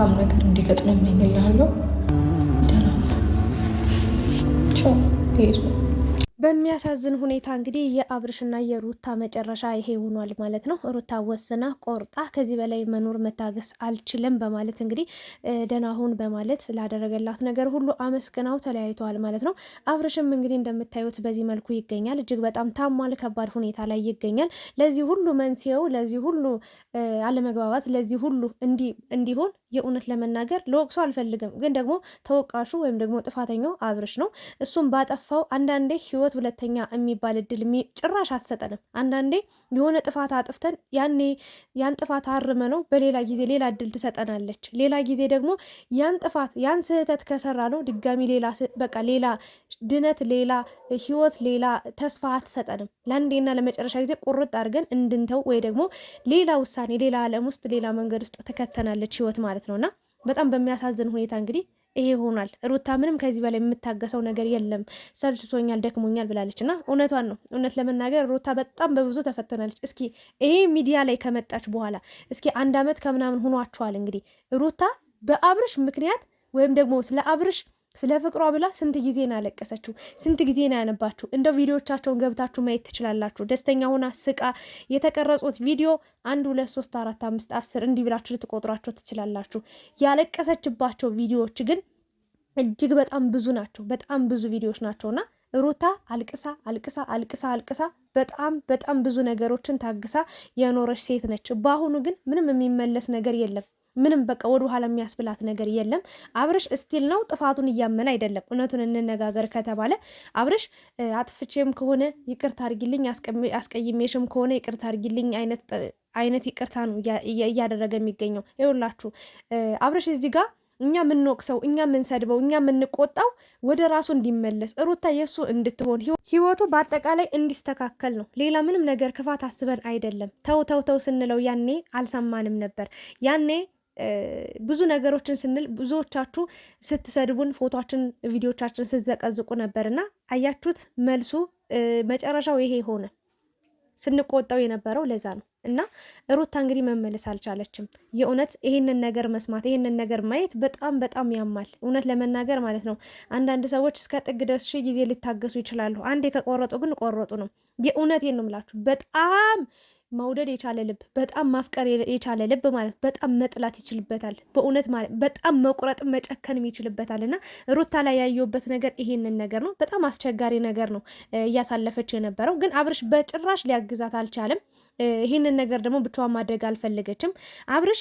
መልካም ነገር እንዲገጥም እመኝልሃለሁ። ደህና ነው። ቻው። ልሄድ ነው። በሚያሳዝን ሁኔታ እንግዲህ የአብርሽና የሩታ መጨረሻ ይሄ ሆኗል ማለት ነው። ሩታ ወስና ቆርጣ ከዚህ በላይ መኖር መታገስ አልችልም በማለት እንግዲህ ደህና ሁን በማለት ላደረገላት ነገር ሁሉ አመስግናው ተለያይተዋል ማለት ነው። አብርሽም እንግዲህ እንደምታዩት በዚህ መልኩ ይገኛል። እጅግ በጣም ታሟል፣ ከባድ ሁኔታ ላይ ይገኛል። ለዚህ ሁሉ መንስኤው፣ ለዚህ ሁሉ አለመግባባት፣ ለዚህ ሁሉ እንዲሆን የእውነት ለመናገር ለወቅሶ አልፈልግም፣ ግን ደግሞ ተወቃሹ ወይም ደግሞ ጥፋተኛው አብርሽ ነው። እሱም ባጠፋው አንዳንዴ ህይወት ህይወት ሁለተኛ የሚባል እድል ጭራሽ አትሰጠንም። አንዳንዴ የሆነ ጥፋት አጥፍተን ያኔ ያን ጥፋት አርመ ነው በሌላ ጊዜ ሌላ እድል ትሰጠናለች። ሌላ ጊዜ ደግሞ ያን ጥፋት ያን ስህተት ከሰራ ነው ድጋሚ ሌላ በቃ ሌላ ድነት፣ ሌላ ህይወት፣ ሌላ ተስፋ አትሰጠንም። ለአንዴና ለመጨረሻ ጊዜ ቁርጥ አድርገን እንድንተው ወይ ደግሞ ሌላ ውሳኔ፣ ሌላ አለም ውስጥ ሌላ መንገድ ውስጥ ትከተናለች ህይወት ማለት ነውና በጣም በሚያሳዝን ሁኔታ እንግዲህ ይሄ ሆኗል። ሩታ ምንም ከዚህ በላይ የምታገሰው ነገር የለም። ሰልችቶኛል፣ ደክሞኛል ብላለች እና እውነቷን ነው። እውነት ለመናገር ሩታ በጣም በብዙ ተፈተናለች። እስኪ ይሄ ሚዲያ ላይ ከመጣች በኋላ እስኪ አንድ አመት ከምናምን ሆኗቸዋል። እንግዲህ ሩታ በአብርሽ ምክንያት ወይም ደግሞ ስለ አብርሽ ስለ ፍቅሯ ብላ ስንት ጊዜ ነው ያለቀሰችው? ስንት ጊዜ ነው ያነባችሁ? እንደው ቪዲዮቻቸውን ገብታችሁ ማየት ትችላላችሁ። ደስተኛ ሆና ስቃ የተቀረጹት ቪዲዮ አንድ ሁለት ሶስት አራት አምስት አስር እንዲህ ብላችሁ ልትቆጥሯቸው ትችላላችሁ። ያለቀሰችባቸው ቪዲዮዎች ግን እጅግ በጣም ብዙ ናቸው። በጣም ብዙ ቪዲዮዎች ናቸውና ሩታ አልቅሳ አልቅሳ አልቅሳ አልቅሳ በጣም በጣም ብዙ ነገሮችን ታግሳ የኖረች ሴት ነች። በአሁኑ ግን ምንም የሚመለስ ነገር የለም። ምንም በቃ ወደ ኋላ የሚያስብላት ነገር የለም። አብርሽ እስቲል ነው ጥፋቱን እያመነ አይደለም። እውነቱን እንነጋገር ከተባለ አብርሽ አጥፍቼም ከሆነ ይቅርታ አርጊልኝ፣ አስቀይሜሽም ከሆነ ይቅርታ አርጊልኝ አይነት አይነት ይቅርታ ነው እያደረገ የሚገኘው። ይኸውላችሁ አብርሽ እዚህ ጋር እኛ የምንወቅሰው፣ እኛ የምንሰድበው፣ እኛ የምንቆጣው ወደ ራሱ እንዲመለስ ሩታ የእሱ እንድትሆን ህይወቱ በአጠቃላይ እንዲስተካከል ነው። ሌላ ምንም ነገር ክፋት አስበን አይደለም። ተው ተው ተው ስንለው ያኔ አልሰማንም ነበር ያኔ ብዙ ነገሮችን ስንል ብዙዎቻችሁ ስትሰድቡን ፎቶችን፣ ቪዲዮቻችን ስትዘቀዝቁ ነበር እና አያችሁት መልሱ መጨረሻው ይሄ ሆነ። ስንቆጣው የነበረው ለዛ ነው። እና ሩታ እንግዲህ መመለስ አልቻለችም። የእውነት ይህንን ነገር መስማት ይህንን ነገር ማየት በጣም በጣም ያማል፣ እውነት ለመናገር ማለት ነው። አንዳንድ ሰዎች እስከ ጥግ ድረስ ሺ ጊዜ ሊታገሱ ይችላሉ። አንዴ ከቆረጡ ግን ቆረጡ ነው። የእውነት ነው የምላችሁ በጣም መውደድ የቻለ ልብ በጣም ማፍቀር የቻለ ልብ ማለት በጣም መጥላት ይችልበታል። በእውነት ማለት በጣም መቁረጥ መጨከንም ይችልበታል። እና ሩታ ላይ ያየሁበት ነገር ይሄንን ነገር ነው። በጣም አስቸጋሪ ነገር ነው እያሳለፈች የነበረው፣ ግን አብርሽ በጭራሽ ሊያግዛት አልቻለም። ይህንን ነገር ደግሞ ብቻዋን ማድረግ አልፈለገችም። አብርሽ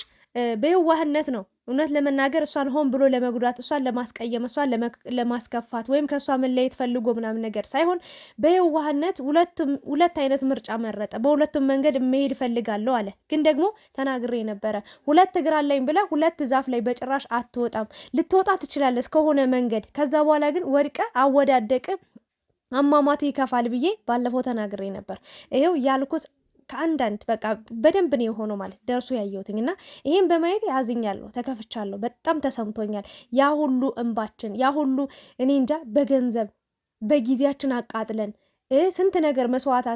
በየዋህነት ነው። እውነት ለመናገር እሷን ሆን ብሎ ለመጉዳት፣ እሷን ለማስቀየም፣ እሷን ለማስከፋት ወይም ከእሷ መለየት ፈልጎ ምናምን ነገር ሳይሆን በየዋህነት ሁለት አይነት ምርጫ መረጠ። በሁለቱም መንገድ መሄድ እፈልጋለሁ አለ። ግን ደግሞ ተናግሬ ነበረ ሁለት እግር አለኝ ብለ ሁለት ዛፍ ላይ በጭራሽ አትወጣም። ልትወጣ ትችላለች ከሆነ መንገድ፣ ከዛ በኋላ ግን ወድቀ አወዳደቅ አሟሟት ይከፋል ብዬ ባለፈው ተናግሬ ነበር። ይሄው ያልኩት ከአንዳንድ በቃ በደንብ ነው የሆነው ማለት ደርሶ ያየሁትኝ እና ይህም በማየት ያዝኛለሁ፣ ተከፍቻለሁ፣ በጣም ተሰምቶኛል። ያ ሁሉ እንባችን ያ ሁሉ እኔ እንጃ በገንዘብ በጊዜያችን አቃጥለን ስንት ነገር መስዋዕት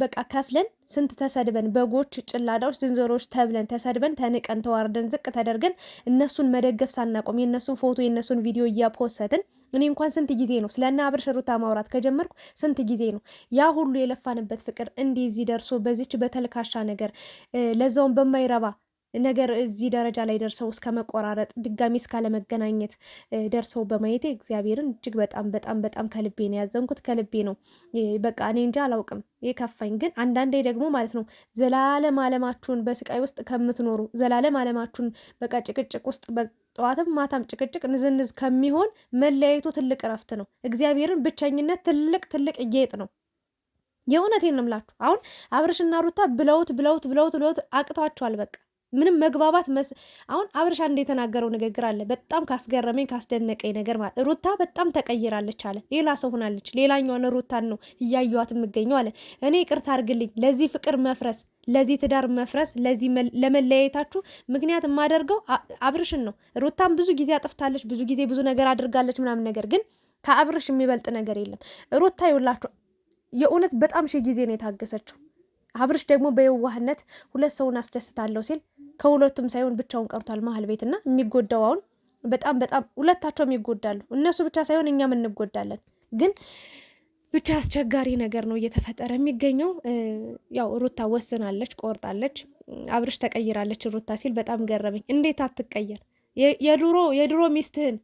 በቃ ከፍለን ስንት ተሰድበን በጎች፣ ጭላዳዎች፣ ዝንዘሮች ተብለን ተሰድበን ተንቀን ተዋርደን ዝቅ ተደርገን እነሱን መደገፍ ሳናቆም የእነሱን ፎቶ የእነሱን ቪዲዮ እያፖሰትን እኔ እንኳን ስንት ጊዜ ነው ስለና አብርሽ ሩታ ማውራት ከጀመርኩ ስንት ጊዜ ነው ያ ሁሉ የለፋንበት ፍቅር እንዲህ እዚህ ደርሶ በዚች በተልካሻ ነገር ለዛውን በማይረባ ነገር እዚህ ደረጃ ላይ ደርሰው እስከ መቆራረጥ ድጋሚ እስካለመገናኘት ደርሰው በማየቴ እግዚአብሔርን እጅግ በጣም በጣም በጣም ከልቤ ነው ያዘንኩት። ከልቤ ነው በቃ እኔ እንጂ አላውቅም የከፋኝ። ግን አንዳንዴ ደግሞ ማለት ነው ዘላለም አለማችሁን በስቃይ ውስጥ ከምትኖሩ ዘላለም አለማችሁን በቃ ጭቅጭቅ ውስጥ ጠዋትም ማታም ጭቅጭቅ ንዝንዝ ከሚሆን መለያየቱ ትልቅ እረፍት ነው። እግዚአብሔርን ብቸኝነት ትልቅ ትልቅ ጌጥ ነው። የእውነቴን ነው አሁን አብርሽና ሩታ ብለውት ብለውት ብለውት ብለውት አቅቷቸዋል በቃ ምንም መግባባት መስ አሁን አብርሽ አንድ የተናገረው ንግግር አለ በጣም ካስገረመኝ ካስደነቀኝ ነገር ማለት ሩታ በጣም ተቀይራለች አለ። ሌላ ሰው ሆናለች። ሌላኛዋን ሩታን ነው እያየዋት የምገኘው አለ። እኔ ይቅርታ አድርግልኝ ለዚህ ፍቅር መፍረስ፣ ለዚህ ትዳር መፍረስ፣ ለዚህ ለመለያየታችሁ ምክንያት የማደርገው አብርሽን ነው። ሩታን ብዙ ጊዜ አጥፍታለች፣ ብዙ ጊዜ ብዙ ነገር አድርጋለች ምናምን ነገር ግን ከአብርሽ የሚበልጥ ነገር የለም። ሩታ ይውላችሁ የእውነት በጣም ሺ ጊዜ ነው የታገሰችው። አብርሽ ደግሞ በየዋህነት ሁለት ሰውን አስደስታለሁ ሲል ከሁለቱም ሳይሆን ብቻውን ቀርቷል መሀል ቤት እና የሚጎዳው አሁን በጣም በጣም ሁለታቸውም ይጎዳሉ። እነሱ ብቻ ሳይሆን እኛም እንጎዳለን። ግን ብቻ አስቸጋሪ ነገር ነው እየተፈጠረ የሚገኘው። ያው ሩታ ወስናለች፣ ቆርጣለች። አብርሽ ተቀይራለች ሩታ ሲል በጣም ገረመኝ። እንዴት አትቀየር? የድሮ የድሮ ሚስትህን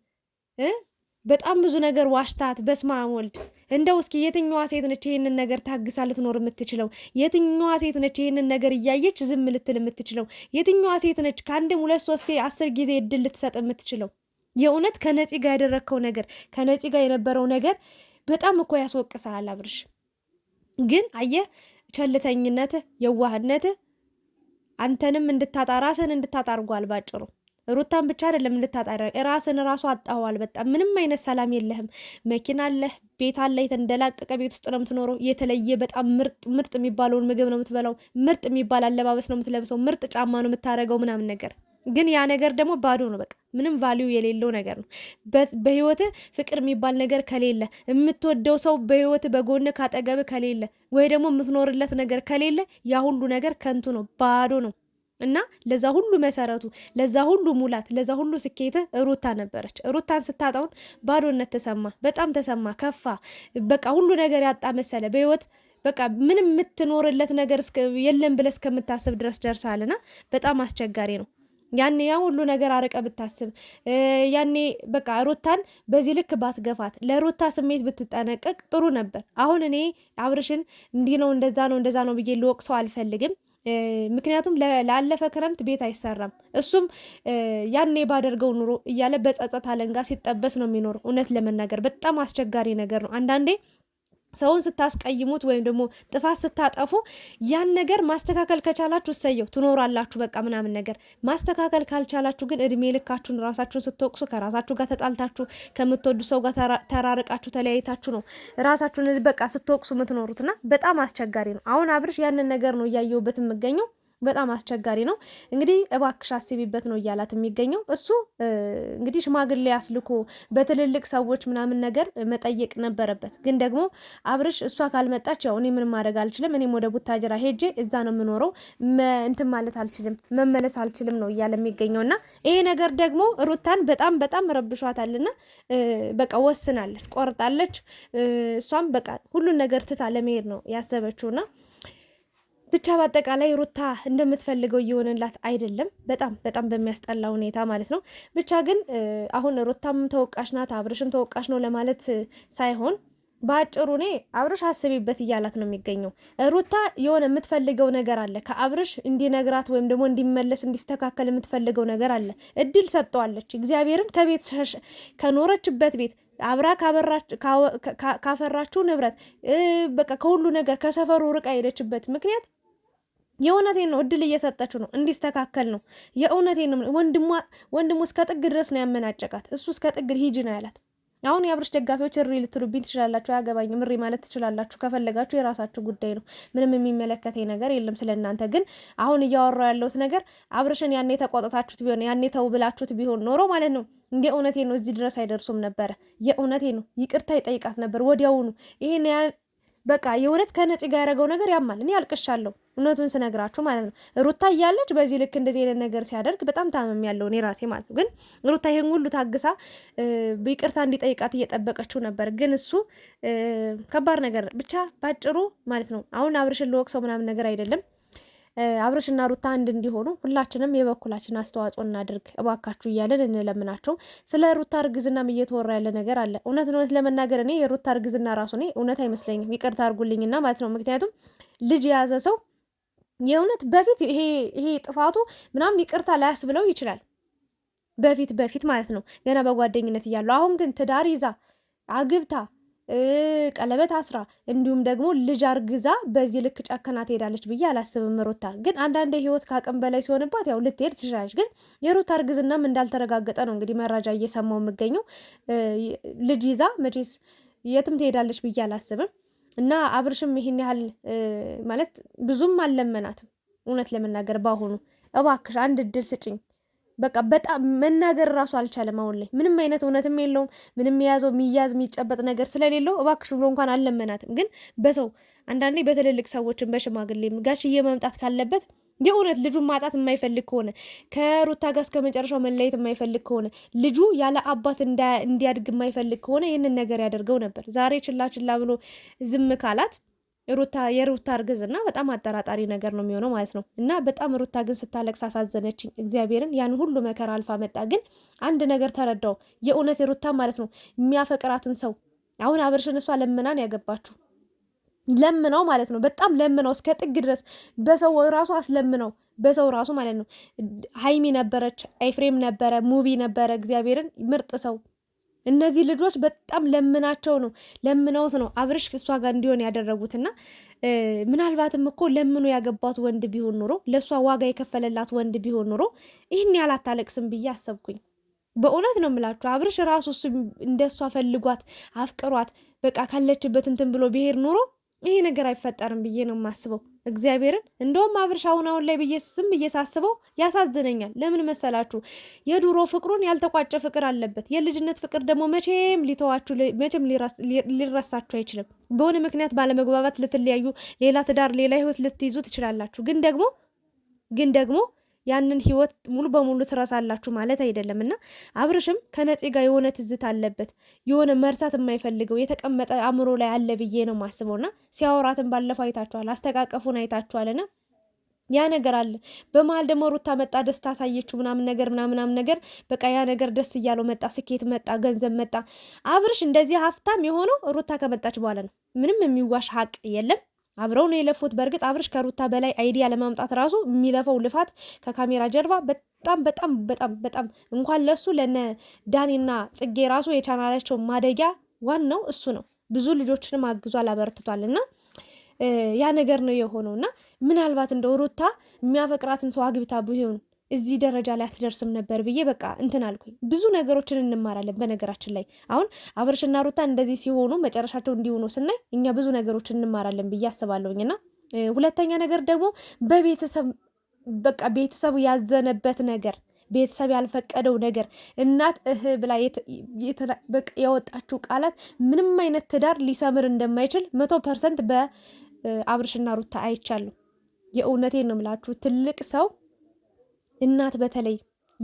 በጣም ብዙ ነገር ዋሽታት በስማ ሞልድ። ወልድ እንደው እስኪ የትኛዋ ሴት ነች ይህንን ነገር ታግሳ ልትኖር የምትችለው? የትኛዋ ሴት ነች ይህንን ነገር እያየች ዝም ልትል የምትችለው? የትኛዋ ሴት ነች ከአንድም ሁለት ሶስቴ አስር ጊዜ እድል ልትሰጥ የምትችለው? የእውነት ከነፂ ጋር ያደረግከው ነገር ከነፂ ጋር የነበረው ነገር በጣም እኮ ያስወቅሳል አብርሽ። ግን አየህ ቸልተኝነትህ፣ የዋህነትህ አንተንም እንድታጣ ራስህን እንድታጣ አድርጓል ባጭሩ። ሩታን ብቻ አይደለም ልታጣረ ራስን ራሱ አጣዋል። በጣም ምንም አይነት ሰላም የለህም። መኪና አለህ፣ ቤት አለ፣ የተንደላቀቀ ቤት ውስጥ ነው የምትኖረው። የተለየ በጣም ምርጥ ምርጥ የሚባለውን ምግብ ነው የምትበላው። ምርጥ የሚባል አለባበስ ነው የምትለብሰው። ምርጥ ጫማ ነው የምታደርገው ምናምን ነገር ግን ያ ነገር ደግሞ ባዶ ነው። በቃ ምንም ቫሊዩ የሌለው ነገር ነው። በህይወት ፍቅር የሚባል ነገር ከሌለ የምትወደው ሰው በህይወት በጎን ካጠገብ ከሌለ ወይ ደግሞ የምትኖርለት ነገር ከሌለ ያ ሁሉ ነገር ከንቱ ነው፣ ባዶ ነው። እና ለዛ ሁሉ መሰረቱ ለዛ ሁሉ ሙላት ለዛ ሁሉ ስኬት ሩታ ነበረች። ሩታን ስታጣውን ባዶነት ተሰማ፣ በጣም ተሰማ፣ ከፋ። በቃ ሁሉ ነገር ያጣ መሰለ በህይወት በቃ ምንም የምትኖርለት ነገር የለም ብለ እስከምታስብ ድረስ ደርሳልና በጣም አስቸጋሪ ነው። ያኔ ያ ሁሉ ነገር አርቀ ብታስብ ያኔ በቃ ሩታን በዚህ ልክ ባትገፋት፣ ለሩታ ስሜት ብትጠነቀቅ ጥሩ ነበር። አሁን እኔ አብርሽን እንዲህ ነው እንደዛ ነው እንደዛ ነው ብዬ ልወቅሰው አልፈልግም። ምክንያቱም ላለፈ ክረምት ቤት አይሰራም። እሱም ያኔ ባደርገው ኑሮ እያለ በጸጸት አለንጋ ሲጠበስ ነው የሚኖረው። እውነት ለመናገር በጣም አስቸጋሪ ነገር ነው አንዳንዴ ሰውን ስታስቀይሙት ወይም ደግሞ ጥፋት ስታጠፉ ያን ነገር ማስተካከል ከቻላችሁ እሰየው ትኖራላችሁ፣ በቃ ምናምን ነገር። ማስተካከል ካልቻላችሁ ግን እድሜ ልካችሁን ራሳችሁን ስትወቅሱ ከራሳችሁ ጋር ተጣልታችሁ ከምትወዱ ሰው ጋር ተራርቃችሁ ተለያይታችሁ ነው ራሳችሁን በቃ ስትወቅሱ የምትኖሩትና በጣም አስቸጋሪ ነው። አሁን አብርሽ ያንን ነገር ነው እያየሁበት የምገኘው። በጣም አስቸጋሪ ነው። እንግዲህ እባክሽ አስቢበት ነው እያላት የሚገኘው እሱ እንግዲህ ሽማግሌ አስልኮ በትልልቅ ሰዎች ምናምን ነገር መጠየቅ ነበረበት። ግን ደግሞ አብርሽ እሷ ካልመጣች ያው እኔ ምንም ማድረግ አልችልም፣ እኔም ወደ ቡታጅራ ሄጄ እዛ ነው የምኖረው፣ እንትን ማለት አልችልም፣ መመለስ አልችልም ነው እያለ የሚገኘው እና ይሄ ነገር ደግሞ ሩታን በጣም በጣም ረብሿታልና በቃ ወስናለች፣ ቆርጣለች። እሷም በቃ ሁሉን ነገር ትታ ለመሄድ ነው ያሰበችውና ብቻ በአጠቃላይ ሩታ እንደምትፈልገው እየሆነላት አይደለም። በጣም በጣም በሚያስጠላ ሁኔታ ማለት ነው። ብቻ ግን አሁን ሩታም ተወቃሽ ናት፣ አብርሽም ተወቃሽ ነው ለማለት ሳይሆን በአጭሩ እኔ አብርሽ አስቢበት እያላት ነው የሚገኘው። ሩታ የሆነ የምትፈልገው ነገር አለ ከአብርሽ እንዲነግራት ወይም ደግሞ እንዲመለስ እንዲስተካከል የምትፈልገው ነገር አለ። እድል ሰጠዋለች እግዚአብሔርን ከቤት ከኖረችበት ቤት አብራ ካፈራችው ንብረት በቃ ከሁሉ ነገር ከሰፈሩ ርቃ ሄደችበት ምክንያት የእውነቴን ነው። እድል እየሰጠችው ነው እንዲስተካከል ነው። የእውነቴን ነው። ወንድሟ ወንድሙ እስከ ጥግ ድረስ ነው ያመናጨቃት። እሱ እስከ ጥግ ሂጂ ነው ያላት። አሁን የአብርሽ ደጋፊዎች እሪ ልትሉብኝ ትችላላችሁ፣ አያገባኝም። እሪ ማለት ትችላላችሁ ከፈለጋችሁ፣ የራሳችሁ ጉዳይ ነው። ምንም የሚመለከተኝ ነገር የለም ስለእናንተ። ግን አሁን እያወራሁ ያለሁት ነገር አብርሽን ያኔ ተቆጥታችሁት ቢሆን ያኔ ተው ብላችሁት ቢሆን ኖሮ ማለት ነው የእውነቴ ነው እዚህ ድረስ አይደርሱም ነበረ። የእውነቴ ነው ይቅርታ ይጠይቃት ነበር ወዲያውኑ። ይሄን በቃ የእውነት ከነፂ ጋር ያደረገው ነገር ያማል። እኔ አልቅሻለሁ። እውነቱን ስነግራችሁ ማለት ነው። ሩታ እያለች በዚህ ልክ እንደዚህ አይነት ነገር ሲያደርግ በጣም ታመም ያለው እኔ ራሴ ማለት ነው። ግን ሩታ ይህን ሁሉ ታግሳ ይቅርታ እንዲጠይቃት እየጠበቀችው ነበር። ግን እሱ ከባድ ነገር ብቻ ባጭሩ ማለት ነው። አሁን አብርሽን ልወቅ ሰው ምናምን ነገር አይደለም። አብረሽና ሩታ አንድ እንዲሆኑ ሁላችንም የበኩላችን አስተዋጽኦ እናድርግ እባካችሁ እያለን እንለምናቸው። ስለ ሩታ እርግዝናም እየተወራ ያለ ነገር አለ። እውነት እውነት ለመናገር እኔ የሩታ እርግዝና ራሱ እኔ እውነት አይመስለኝም። ይቅርታ አድርጉልኝና ማለት ነው። ምክንያቱም ልጅ የያዘ ሰው የእውነት በፊት ይሄ ይሄ ጥፋቱ ምናምን ይቅርታ ላያስብለው ይችላል። በፊት በፊት ማለት ነው ገና በጓደኝነት እያለው። አሁን ግን ትዳር ይዛ አግብታ ቀለበት አስራ እንዲሁም ደግሞ ልጅ አርግዛ በዚህ ልክ ጨከና ትሄዳለች ብዬ አላስብም። ሩታ ግን አንዳንዴ ህይወት ከአቅም በላይ ሲሆንባት ያው ልትሄድ ትችላለች። ግን የሩታ እርግዝናም እንዳልተረጋገጠ ነው እንግዲህ መረጃ እየሰማው የምገኘው። ልጅ ይዛ መቼስ የትም ትሄዳለች ብዬ አላስብም። እና አብርሽም ይሄን ያህል ማለት ብዙም አልለመናትም። እውነት ለመናገር ባሁኑ እባክሽ አንድ እድል ስጭኝ በቃ በጣም መናገር እራሱ አልቻለም። አሁን ላይ ምንም አይነት እውነትም የለውም ምንም የያዘው የሚያዝ የሚጨበጥ ነገር ስለሌለው እባክሽ ብሎ እንኳን አልለመናትም። ግን በሰው አንዳንዴ በትልልቅ ሰዎችን በሽማግሌም ጋሽዬ መምጣት ካለበት የእውነት ልጁ ማጣት የማይፈልግ ከሆነ ከሩታ ጋር እስከ መጨረሻው መለየት የማይፈልግ ከሆነ ልጁ ያለ አባት እንዲያድግ የማይፈልግ ከሆነ ይህንን ነገር ያደርገው ነበር። ዛሬ ችላ ችላ ብሎ ዝም ካላት ሩታ የሩታ እርግዝና በጣም አጠራጣሪ ነገር ነው የሚሆነው ማለት ነው። እና በጣም ሩታ ግን ስታለቅስ አሳዘነችኝ። እግዚአብሔርን ያን ሁሉ መከራ አልፋ መጣ። ግን አንድ ነገር ተረዳው። የእውነት የሩታ ማለት ነው የሚያፈቅራትን ሰው አሁን አብርሽን እሷ ለምናን ያገባችሁ ለምነው ማለት ነው። በጣም ለምነው እስከ ጥግ ድረስ በሰው ራሱ አስለምነው በሰው ራሱ ማለት ነው። ሀይሚ ነበረች፣ ኤፍሬም ነበረ፣ ሙቪ ነበረ። እግዚአብሔርን ምርጥ ሰው እነዚህ ልጆች በጣም ለምናቸው ነው ለምነውት ነው አብርሽ እሷ ጋር እንዲሆን ያደረጉትና ምናልባትም እኮ ለምኖ ያገባት ወንድ ቢሆን ኖሮ ለእሷ ዋጋ የከፈለላት ወንድ ቢሆን ኖሮ ይህን ያህል አታለቅስም ብዬ አሰብኩኝ። በእውነት ነው የምላችሁ አብርሽ ራሱ እሱ እንደሷ ፈልጓት አፍቅሯት በቃ ካለችበት እንትን ብሎ ብሄር ኖሮ ይሄ ነገር አይፈጠርም ብዬ ነው የማስበው። እግዚአብሔርን እንደውም አብርሽ አሁን አሁን ላይ ብዬ ስም ብዬ ሳስበው ያሳዝነኛል። ለምን መሰላችሁ? የድሮ ፍቅሩን ያልተቋጨ ፍቅር አለበት። የልጅነት ፍቅር ደግሞ መቼም ሊተዋችሁ መቼም ሊረሳችሁ አይችልም። በሆነ ምክንያት ባለመግባባት ልትለያዩ፣ ሌላ ትዳር፣ ሌላ ህይወት ልትይዙ ትችላላችሁ። ግን ደግሞ ግን ደግሞ ያንን ህይወት ሙሉ በሙሉ ትረሳላችሁ ማለት አይደለም እና አብርሽም ከነፂ ጋር የሆነ ትዝት አለበት የሆነ መርሳት የማይፈልገው የተቀመጠ አእምሮ ላይ አለ ብዬ ነው ማስበውና ሲያወራትን ባለፈው አይታችኋል፣ አስተቃቀፉን ና ያ ነገር አለ። በመሀል ደግሞ ሩታ መጣ፣ ደስታ አሳየችው፣ ምናምን ነገር ምናምናም ነገር በቃ ያ ነገር ደስ እያለው መጣ፣ ስኬት መጣ፣ ገንዘብ መጣ። አብርሽ እንደዚህ ሀብታም የሆነው ሩታ ከመጣች በኋላ ነው። ምንም የሚዋሽ ሀቅ የለም። አብረው ነው የለፉት። በእርግጥ አብርሽ ከሩታ በላይ አይዲያ ለማምጣት ራሱ የሚለፈው ልፋት ከካሜራ ጀርባ በጣም በጣም በጣም በጣም እንኳን ለሱ ለነ ዳኒና ጽጌ ራሱ የቻናላቸው ማደጊያ ዋናው እሱ ነው። ብዙ ልጆችንም አግዟል አበርትቷል እና ያ ነገር ነው የሆነው እና ምናልባት እንደ ሩታ የሚያፈቅራትን ሰው አግብታ ቢሆን እዚህ ደረጃ ላይ አትደርስም ነበር ብዬ በቃ እንትን አልኩኝ። ብዙ ነገሮችን እንማራለን። በነገራችን ላይ አሁን አብርሽና ሩታ እንደዚህ ሲሆኑ መጨረሻቸው እንዲሆኑ ስናይ እኛ ብዙ ነገሮችን እንማራለን ብዬ አስባለሁኝ። እና ሁለተኛ ነገር ደግሞ በቤተሰብ በቃ ቤተሰብ ያዘነበት ነገር ቤተሰብ ያልፈቀደው ነገር እናት እህ ብላ ያወጣችው ቃላት ምንም አይነት ትዳር ሊሰምር እንደማይችል መቶ ፐርሰንት በአብርሽና ሩታ አይቻሉ። የእውነቴን ነው የምላችሁ ትልቅ ሰው እናት በተለይ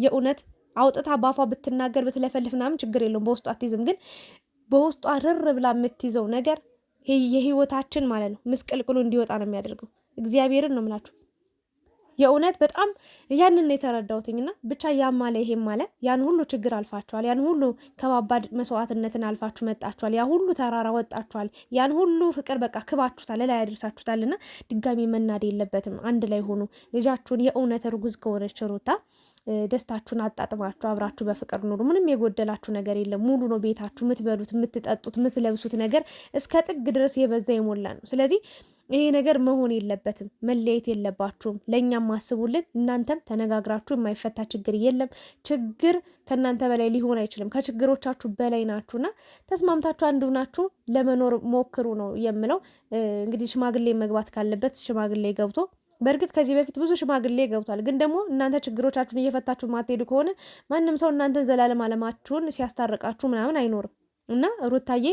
የእውነት አውጥታ ባፏ ብትናገር ብትለፈልፍ ምናምን ችግር የለውም። በውስጧ አትይዝም። ግን በውስጧ ርር ብላ የምትይዘው ነገር የህይወታችን ማለት ነው ምስቅልቅሉ እንዲወጣ ነው የሚያደርገው። እግዚአብሔርን ነው የምላችሁ። የእውነት በጣም ያንን የተረዳሁትኝና ብቻ ያም አለ ይሄም አለ ያን ሁሉ ችግር አልፋችኋል። ያን ሁሉ ከባባድ መስዋዕትነትን አልፋችሁ መጣችኋል። ያ ሁሉ ተራራ ወጣችኋል። ያን ሁሉ ፍቅር በቃ ክባችሁታል፣ ላይ ያደርሳችሁታልና ድጋሚ መናድ የለበትም። አንድ ላይ ሆኑ። ልጃችሁን የእውነት እርጉዝ ከሆነች ሩታ ደስታችሁን አጣጥማችሁ አብራችሁ በፍቅር ኑሩ። ምንም የጎደላችሁ ነገር የለም። ሙሉ ነው ቤታችሁ። የምትበሉት፣ የምትጠጡት፣ የምትለብሱት ነገር እስከ ጥግ ድረስ የበዛ የሞላ ነው። ስለዚህ ይሄ ነገር መሆን የለበትም። መለየት የለባችሁም። ለእኛም አስቡልን። እናንተም ተነጋግራችሁ የማይፈታ ችግር የለም። ችግር ከእናንተ በላይ ሊሆን አይችልም። ከችግሮቻችሁ በላይ ናችሁና ተስማምታችሁ አንዱ ናችሁ ለመኖር ሞክሩ ነው የምለው። እንግዲህ ሽማግሌ መግባት ካለበት ሽማግሌ ገብቶ በእርግጥ ከዚህ በፊት ብዙ ሽማግሌ ገብቷል። ግን ደግሞ እናንተ ችግሮቻችሁን እየፈታችሁ ማትሄዱ ከሆነ ማንም ሰው እናንተን ዘላለም አለማችሁን ሲያስታርቃችሁ ምናምን አይኖርም። እና ሩታዬ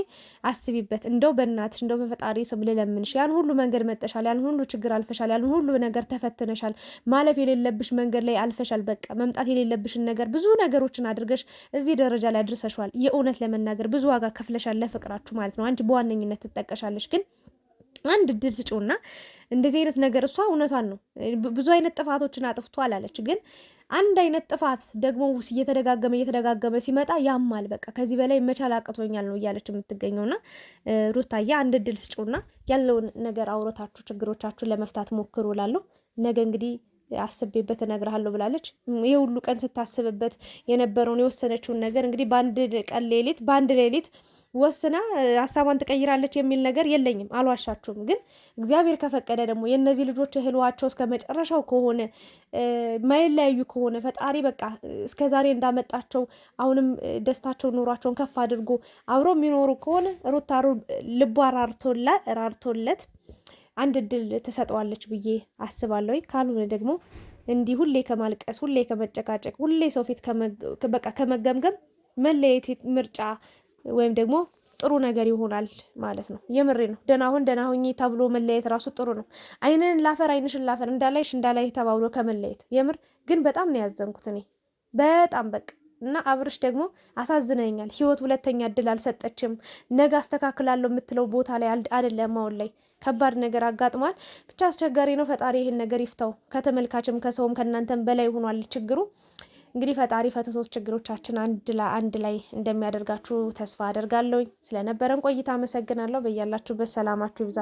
አስቢበት። እንደው በእናትሽ እንደው በፈጣሪ ስም ልለምንሽ፣ ያን ሁሉ መንገድ መጠሻል፣ ያን ሁሉ ችግር አልፈሻል፣ ያን ሁሉ ነገር ተፈትነሻል። ማለፍ የሌለብሽ መንገድ ላይ አልፈሻል። በቃ መምጣት የሌለብሽን ነገር ብዙ ነገሮችን አድርገሽ እዚህ ደረጃ ላይ አድርሰሻል። የእውነት ለመናገር ብዙ ዋጋ ከፍለሻል፣ ለፍቅራችሁ ማለት ነው። አንቺ በዋነኝነት ትጠቀሻለሽ ግን አንድ እድል ስጭውና እንደዚህ አይነት ነገር እሷ እውነቷን ነው። ብዙ አይነት ጥፋቶችን አጥፍቷል አለች። ግን አንድ አይነት ጥፋት ደግሞ እየተደጋገመ እየተደጋገመ ሲመጣ ያማል። በቃ ከዚህ በላይ መቻል አቅቶኛል ነው እያለች የምትገኘውና ሩታዬ፣ አንድ እድል ስጭውና ያለውን ነገር አውረታችሁ ችግሮቻችሁን ለመፍታት ሞክሩ እላለሁ። ነገ እንግዲህ አስቤበት እነግርሃለሁ ብላለች። ይህ ሁሉ ቀን ስታስብበት የነበረውን የወሰነችውን ነገር እንግዲህ በአንድ ቀን ሌሊት በአንድ ሌሊት ወስና ሀሳቧን ትቀይራለች የሚል ነገር የለኝም፣ አልዋሻችሁም። ግን እግዚአብሔር ከፈቀደ ደግሞ የእነዚህ ልጆች እህልዋቸው እስከ መጨረሻው ከሆነ ማይለያዩ ከሆነ ፈጣሪ በቃ እስከ ዛሬ እንዳመጣቸው አሁንም ደስታቸው ኑሯቸውን ከፍ አድርጎ አብሮ የሚኖሩ ከሆነ ሩታ ልቧ ራርቶለት አንድ እድል ትሰጠዋለች ብዬ አስባለሁ። ካልሆነ ደግሞ እንዲህ ሁሌ ከማልቀስ ሁሌ ከመጨቃጨቅ ሁሌ ሰው ፊት በቃ ከመገምገም መለየት ምርጫ ወይም ደግሞ ጥሩ ነገር ይሆናል ማለት ነው። የምሬ ነው። ደህና ሁን ደህና ተብሎ መለየት ራሱ ጥሩ ነው። አይንን ላፈር አይንሽን ላፈር እንዳላይሽ እንዳላይ ተባብሎ ከመለየት የምር ግን በጣም ነው ያዘንኩት እኔ በጣም በቅ እና አብርሽ ደግሞ አሳዝነኛል። ህይወት ሁለተኛ እድል አልሰጠችም። ነገ አስተካክላለሁ የምትለው ቦታ ላይ አይደለም። አሁን ላይ ከባድ ነገር አጋጥሟል። ብቻ አስቸጋሪ ነው። ፈጣሪ ይህን ነገር ይፍታው። ከተመልካችም ከሰውም ከእናንተም በላይ ሆኗል ችግሩ። እንግዲህ ፈጣሪ ፈተቶት ችግሮቻችን አንድ ላይ እንደሚያደርጋችሁ ተስፋ አደርጋለሁ። ስለነበረን ቆይታ አመሰግናለሁ። በያላችሁበት ሰላማችሁ ይብዛ።